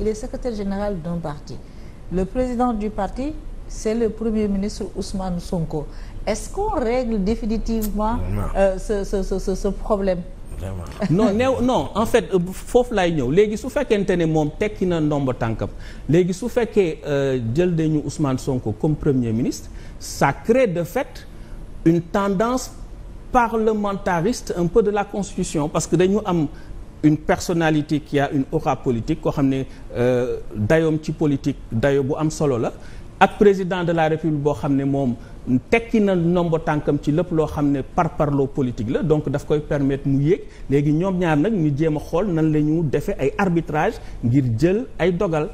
il est secrétaire général d'un parti le président du parti c'est le premier ministre Ousmane Sonko est-ce qu'on règle définitivement euh, ce, ce ce ce problème non néew non en fait euh, foofu laay ñëw léegi su fekkente ne moom tekki na ndomba tànkam léegi su fekkee euh, jël nañu Ousmane Sonko comme premier ministre ça crée de fait une tendance parlementariste un peu de la constitution parce que dañu am une personalité ki a une aura politique koo xam ne euh, dayoom ci politique dayo bu am solo la ak président de la république boo xam ne moom tekki na nombo tànkam ci lépp loo xam ne par parloo politique la donc daf koy permettre mu yéeg léegi ñoom ñaar nag ñu jéem a xool nan la ñu defee ay arbitrage ngir jël ay dogal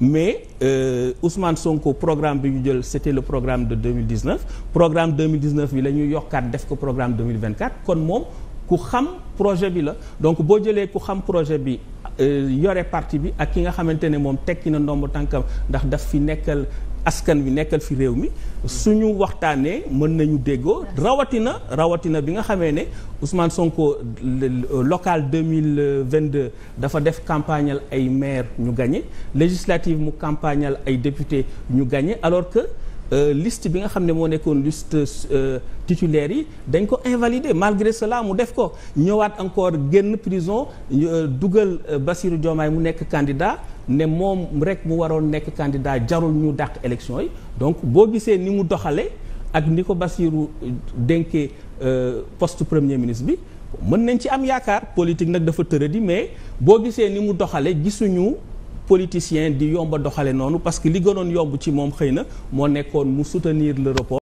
mais euh, Ousmane Sonko programme bi ñu jël c'était le programme de 2019 programme 2019 bi la ñuy yokkaat def ko programme 2024 kon moom ku xam projet bi la donc boo jëlee ku xam projet bi euh, yore parti bi ak ki nga xamante ne moom tekki na ndomb tànkam ndax daf fi nekkal askan wi nekkal fi réew mi suñu waxtaanee mën nañu déggoo rawatina rawatina bi nga xamee ne Ousmane Sonko euh, local 2022 dafa def campagnal ay maire ñu gagné législative mu campagnal ay député ñu gagné alors que Euh, liste bi nga xam ne moo nekkoon liste euh, titulaire yi dañ ko invalider malgré salaa mu def ko ñëwaat encore génn prison euh, dugal Bassirou Diomaye mu nekk candidat ne moom rek mu waroon nekk kandidaa jarul ñu dàq élection yi donc boo gisee ni mu doxalee ak ni ko Bassirou dénkee poste premier ministre bi mën nañ ci am yaakaar politique nag dafa tëradi mais boo gisee ni mu doxalee gisuñu. politicien di yomba doxale noonu parce que li gënoon yomb ci moom xëy na moo nekkoon mu soutenir la report